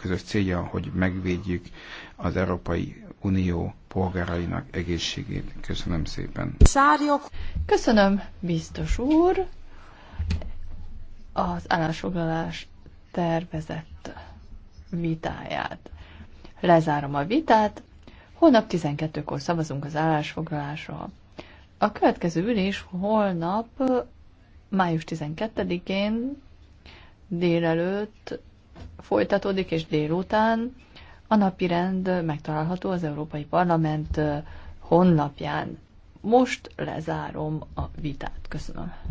közös célja, hogy megvédjük az Európai Unió polgárainak egészségét. Köszönöm szépen. Szárjok. Köszönöm, biztos úr. Az állásfoglalás tervezett vitáját. Lezárom a vitát. Holnap 12-kor szavazunk az állásfoglalásra. A következő ülés holnap, május 12-én délelőtt folytatódik, és délután a napi rend megtalálható az Európai Parlament eh, honlapján. Most lezárom a vitát. Köszönöm.